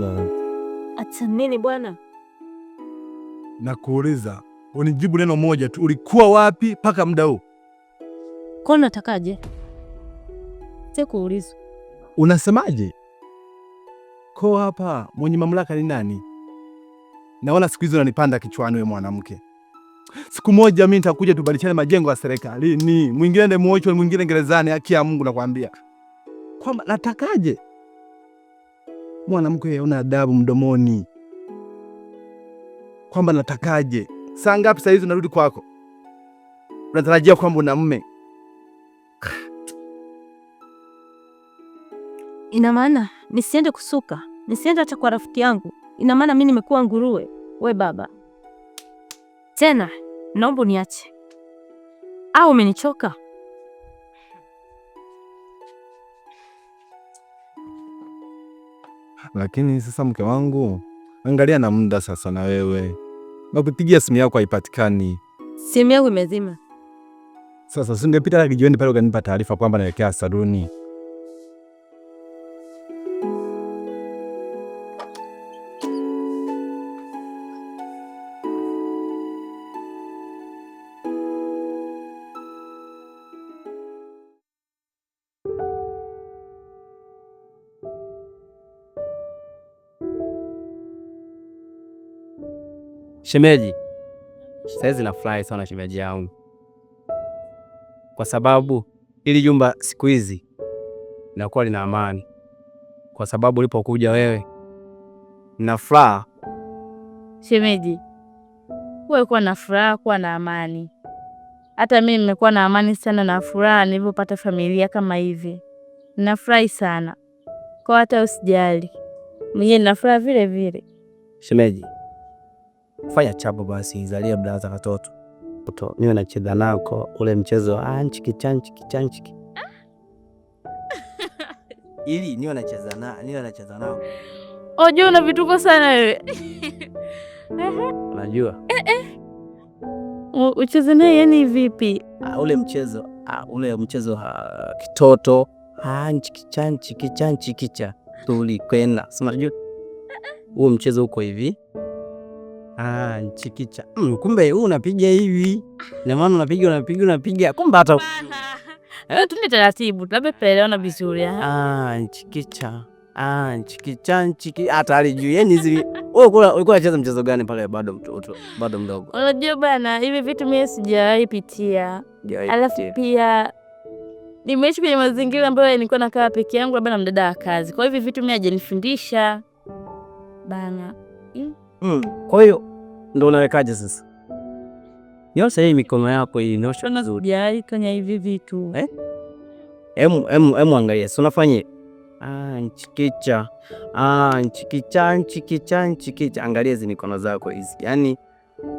chakula. Acha nini bwana? Nakuuliza unijibu neno moja tu, ulikuwa wapi mpaka muda huu? Kwani natakaje? Sikuuliza. Unasemaje? Ko hapa mwenye mamlaka ni nani? Naona siku hizo unanipanda kichwani, wewe mwanamke. Siku moja mimi nitakuja tubadilishane majengo ya serikalini, mwingine ndio muochwe, mwingine gerezani. Haki ya Mungu nakwambia kwamba natakaje? mwanamke hauna adabu mdomoni, kwamba natakaje? Saa ngapi saa hizi unarudi kwako, unatarajia kwamba una mume? Ina maana nisiende kusuka, nisiende hata kwa rafiki yangu? Ina maana mi nimekuwa nguruwe? We baba, tena naomba uniache au umenichoka? Lakini sasa mke wangu, angalia na muda sasa, na wewe nakupigia simu yako haipatikani. Simu yangu imezima. Sasa singepita hata kijiweni pale ukanipa taarifa kwamba naelekea saluni. Shemeji, saizi nafurahi sana shemeji yangu, kwa sababu hili jumba siku hizi linakuwa lina amani, kwa sababu ulipokuja wewe na furaha. Shemeji, wewe kuwa na furaha, kuwa na amani. Hata mimi nimekuwa na amani sana na furaha nilivyopata familia kama hivi, ninafurahi sana kwa, hata usijali, mwenyewe ninafuraha vile vile shemeji fanya chabo basi, zalia blaza katoto niwe nacheza nako ule mchezo wa anchiki chanchiki chanchiki, ili niwe nacheza na niwe nacheza nao. Ojo, una vituko sana wewe. Unajua eh, eh. Ucheze naye yani vipi? Ah, ule mchezo ah, ule mchezo ah, kitoto anchiki chanchiki chanchiki cha tuli kwenda, si unajua eh, eh. huo mchezo uko hivi Ah, nchikicha. Mm, kumbe huu unapiga hivi. Na maana unapiga unapiga unapiga. Kumbe hata Eh, tunde taratibu, labda tutaelewana vizuri. Eh? Ah, nchikicha. Ah, nchikicha nchiki hata alijui. Yaani hizi wewe kula ulikuwa unacheza mchezo gani pale bado mtoto, bado mdogo? Unajua bana, hivi vitu mimi sijawahi pitia. Alafu pia nimeishi kwenye mazingira ambayo nilikuwa nakaa peke yangu labda na mdada wa kazi. Kwa hivyo vitu mimi hajanifundisha bana. Mm. Mm. Kwa hiyo ndo unawekaje sasa? Nyosha hii mikono yako hii, nyosha nzuri. Yaani kwenye hivi vitu. Eh? Emu emu emu angalia. Sio unafanya ah nchikicha. Ah nchikicha nchikicha nchikicha. Angalia hizi mikono zako hizi. Yaani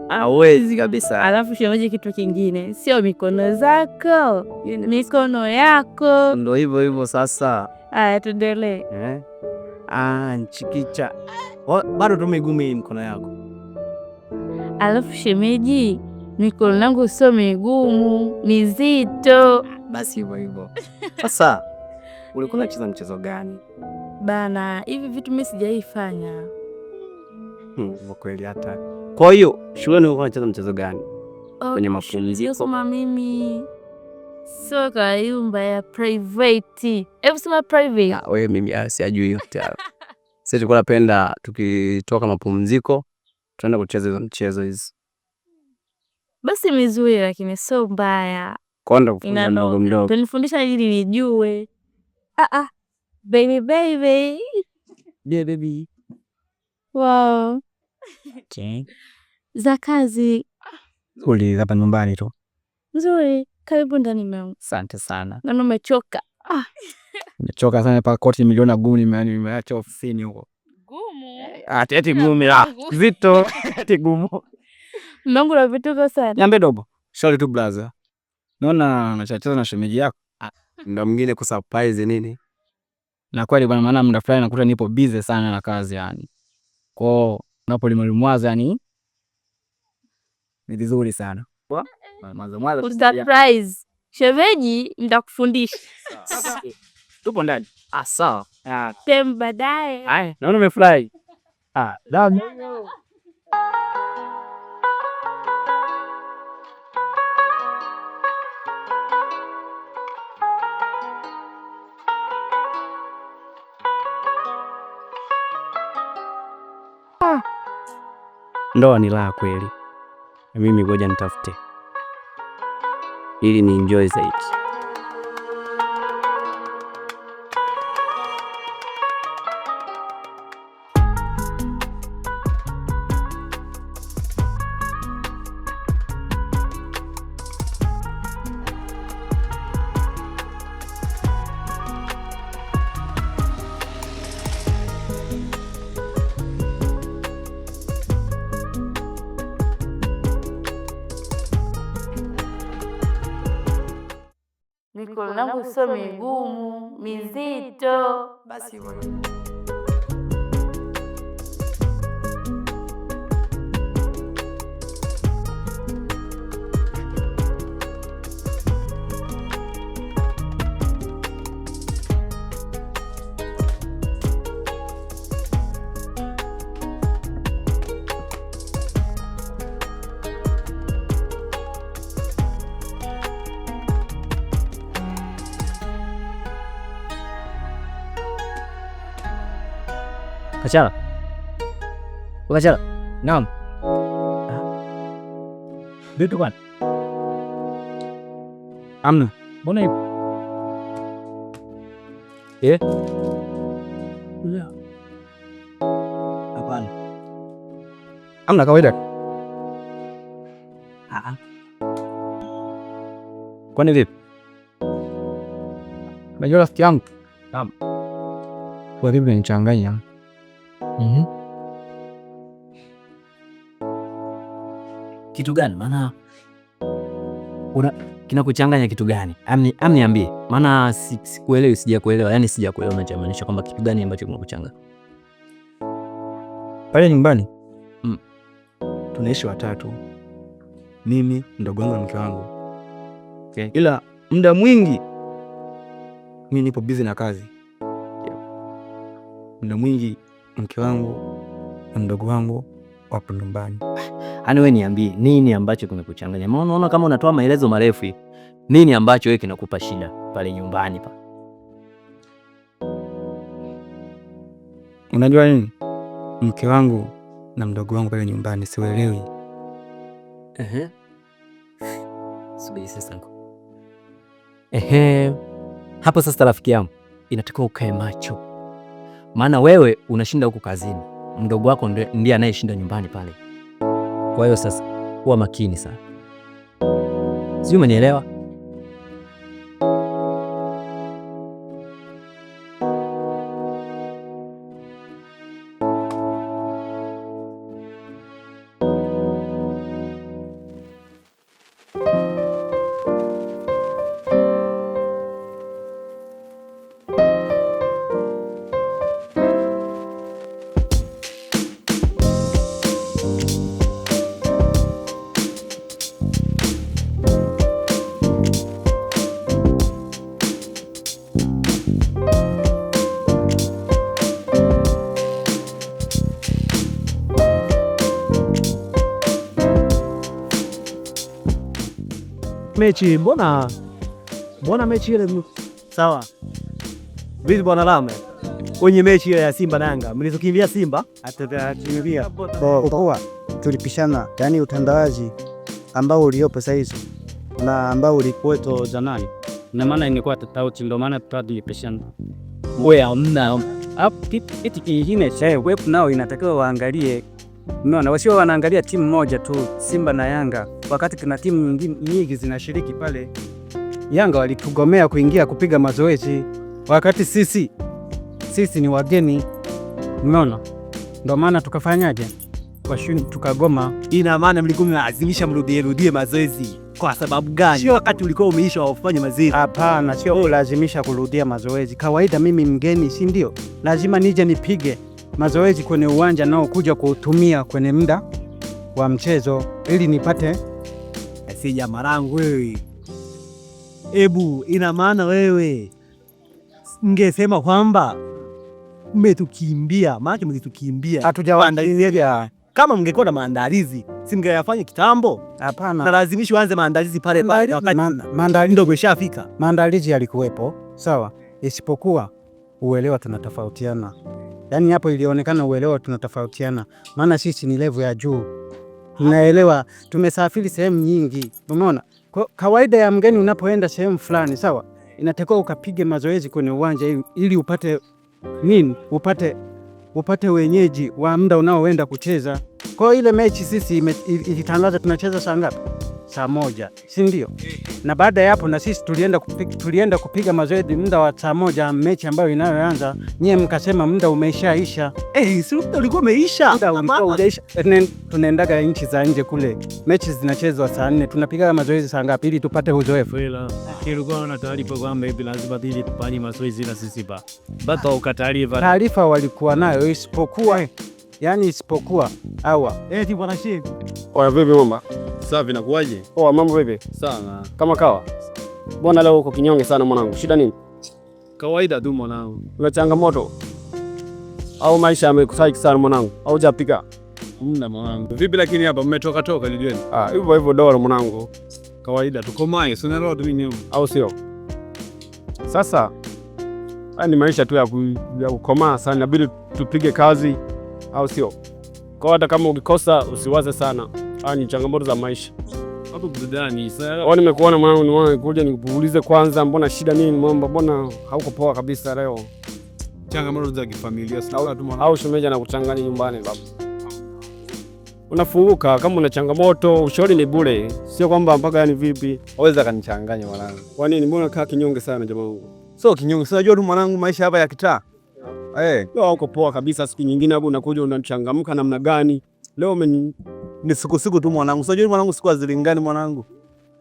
hawezi kabisa. Alafu shemeji, kitu kingine sio mikono zako, mikono yako. Ndo hivyo hivyo sasa. Aya, tuendelee. Eh? Ah nchikicha. ah bado tu hii mikono yako. Alafu shemeji, mikono yangu sio migumu, mizito Basi hivyo hivyo. Sasa ulikuwa unacheza mchezo gani bana? Hivi vitu mimi sijaifanya hmm, kweli hata. Kwa hiyo shuleni ulikuwa unacheza mchezo gani? Oh, Kwenye mapumziko mimi soka yumba ya private. Hebu sema private. Ah, wewe mimi ah, sijui yote. Sisi tulikuwa tunapenda tukitoka mapumziko tunaenda kucheza hizo mchezo hizi. Basi mizuri, lakini sio mbaya. Tunifundisha ili nijue. Ah ah. Baby baby. Yeah baby. Wow. Okay. Za kazi hapa nyumbani tu. Nzuri, karibu ndani mwangu. Asante sana. Naona umechoka. Ah. Nimechoka sana paka koti miliona gumu nimeacha ofisini huko. Gumu. Ati gumu la. Ah, zito ati gumu. Mungu na vitu vya sana. Niambie dogo. Shauri tu blaza. Naona unachacheza na shemeji yako. Ah, muda mwingine surprise nini? Na kweli bwana, maana muda fulani nakuta nipo busy sana na kazi yani. Kwa Kwao limalimwaza yani ni vizuri sana. Kwa? Mwanzo mwanzo. Surprise shemeji, nitakufundisha tupo ndani ah, sawa, ah. tem baadaye. Ah, naona umefurahi. Ah, ah. ndoa ni la kweli. Mimi ngoja nitafute really enjoys it. Mikono yangu sio migumu mizito, basi wana. Khadijah Khadijah Naam Bintu kan Amna Bona ibu Eh Ya Apaan Amna kau hidak Haa Kwani vipi? Najua rafiki yangu. Naam. Kwa vipi unanichanganya? Mhm. Kitu gani maana una kinakuchanganya kitu gani? Amni, amni ambie, maana sikuelewi, si sijakuelewa, yaani sijakuelewa unachomaanisha kwamba kitu gani ambacho kinakuchanga pale nyumbani. Mm. Tunaishi watatu, mimi, mdogo wangu na mke wangu. Okay. Ila muda mwingi mimi nipo busy na kazi, yeah. muda mwingi mke wangu na mdogo wangu wapo nyumbani. Yaani wewe niambie nini ambacho kimekuchanganya? Maana unaona kama unatoa maelezo marefu hivi. Nini ambacho wewe kinakupa shida pale nyumbani pa? Unajua nini? Mke wangu na mdogo wangu pale nyumbani siuelewi. Ehe. Subiri sasa. Ehe. Hapo sasa, rafiki yangu, inatakiwa ukae macho maana wewe unashinda huku kazini, mdogo wako ndiye anayeshinda nyumbani pale. Kwa hiyo sasa, kuwa makini sana, sijui umenielewa? mechi mbona mbona mechi ile sawa vipi bwana Lame, kwenye mechi ile ya Simba na Yanga mlizokimbia Simba kwa tulipishana, yani utandawazi ambao uliopo sasa hizi na ambao ulikuwepo janani na maana ingekuwa tofauti, ndio maana tulipishana. Wewe amna hapo kitu kingine, cha wewe nao inatakiwa waangalie Umeona, wasio wanaangalia timu moja tu Simba na Yanga, wakati kuna timu nyingi zinashiriki pale. Yanga walitugomea kuingia kupiga mazoezi, wakati sisi sisi ni wageni. Umeona, ndo maana tukafanyaje, washuni tukagoma. Ina maana mlikuwa mnalazimisha mrudie rudie mazoezi kwa sababu gani? Sio wakati ulikuwa umeisha wafanye mazoezi. Hapana, sio lazimisha kurudia mazoezi. Kawaida mimi mgeni, si ndio? Lazima nije nipige mazoezi kwenye uwanja nao kuja kutumia kwenye muda wa mchezo ili nipate sija marangu. Wewe ebu, ina maana wewe ngesema kwamba mmetukimbia? Maana mlitukimbia, hatujawaandalia kama mngekuwa na maandalizi si kitambo? Hapana, na lazimishi maandalizi pale pale, maandalizi ndio Maandalizi yalikuwepo sawa, isipokuwa uelewa tunatofautiana. Yaani hapo ilionekana uelewa tunatofautiana, maana sisi ni levu ya juu, tunaelewa, tumesafiri sehemu nyingi, umeona. Kwa kawaida ya mgeni unapoenda sehemu fulani, sawa, inatakiwa ukapige mazoezi kwenye uwanja ili upate nini, upate upate wenyeji wa muda unaoenda kucheza. Kwa hiyo ile mechi sisi ilitangaza tunacheza saa ngapi? Saa moja, si ndio? Na baada ya hapo na sisi tulienda kupiga, tulienda kupiga mazoezi muda wa saa moja, mechi ambayo inayoanza. Nyie mkasema muda umeishaisha. Eh, si muda ulikuwa umeisha, muda ulikuwa Tunaendaga nchi za nje kule, mechi zinachezwa saa nne, tunapiga mazoezi saa ngapi ili tupate uzoefu? Taarifa walikuwa nayo isipokuwa yani isipokuwa hawa. Eti eh, bwana shehe. Oya vipi mama? Safi na kuwaje? Oa mambo vipi? Sana. Kama kawa. Mbona leo uko kinyonge sana mwanangu? Shida nini? Kawaida tu mwanangu. Una changamoto? Au maisha yamekusaidia sana mwanangu? Au japika? Mna mwanangu. Vipi lakini hapa mmetoka toka lijueni? Ah, hivyo hivyo dola mwanangu. Kawaida tu tukomae, sina roho tu au sio? Sasa haya ni maisha tu ya kukomaa sana, inabidi tupige kazi au sio? Kwa hata kama ukikosa usiwaze sana. Haya ni changamoto za maisha. Hapo burudani sasa. Nimekuona mwanangu, nimeona kuja nikupuulize kwanza, mbona shida nini? Mwamba, mbona hauko poa kabisa leo? Changamoto za kifamilia au shemeji anakuchanganya nyumbani baba. Unafunguka kama una changamoto, ushauri ni bure, sio kwamba mpaka yani vipi waweza kanichanganya mwanangu. Kwa nini mbona kaa kinyonge sana jamaa wangu? Sio kinyonge, unajua tu mwanangu, maisha hapa ya kitaa hey, eh. leo uko poa kabisa, siku nyingine hapo unakuja unachangamka namna gani? Leo men... ni siku siku tu mwanangu, Sio unajua mwanangu, siku azilingani mwanangu,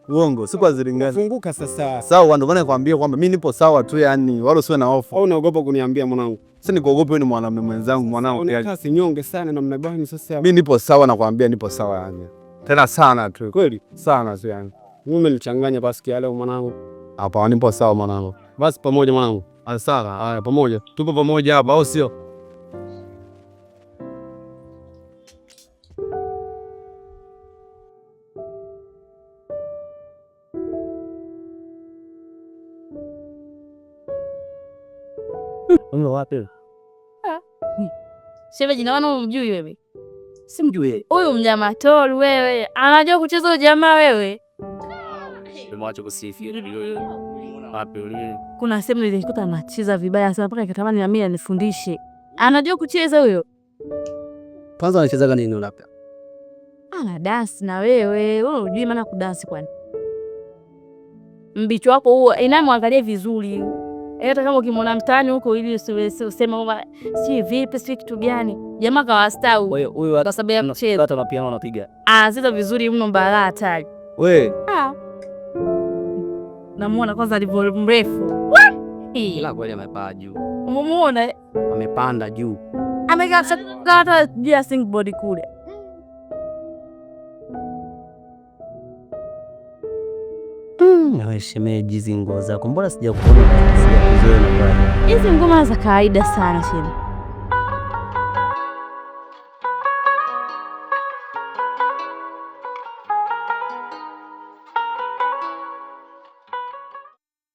uongo siku azilingani. Funguka sasa, sawa. Ndio maana nakwambia kwamba mimi nipo sawa tu, yani wala usiwe na hofu. Au unaogopa kuniambia mwanangu? Sasa nikuogope wewe, ni mwanamume mwenzangu mwanangu, unakaa yaani- sinyonge sana namna gani? Sasa mimi nipo sawa, nakwambia nipo sawa yani tena sana tu kweli sana tu yani, mimi nilichanganya basi kiale mwanangu. Hapa nipo sawa mwanangu, basi pamoja mwanangu. Asara, haya pamoja, tupo pamoja hapa, au sio? Ah, Shemeji, na umjui wewe? Simjui huyu mnyama toli. Wewe anajua kucheza jamaa wewe. Kuna sehemu nilikuta anacheza vibaya sana mpaka nikatamani na mimi anifundishe. Anajua kucheza huyo. Kwanza anachezaga nini unapenda? Ana dansi na wewe. Wewe unajui maana kudansi kwani? Mbicho wako huo inamwangalia eh, vizuri. Eh, hata kama ukimwona mtaani huko ili usema si vipi si kitu gani. Jamaa kawa Kwa sababu ya kucheza. Hata mapiano anapiga. Ah, vizuri mno balaa hatari. Wewe. Ah. Namuona mm. kwanza alivyo mrefu. Ila kweli amepaa juu. Umemuona? Amepanda juu. Amekaa hata juu ya body kule. Nawe mm, shemeji, hizi nguo zako mbona sijakuona? Hizi ngoma za kawaida sana shemeji.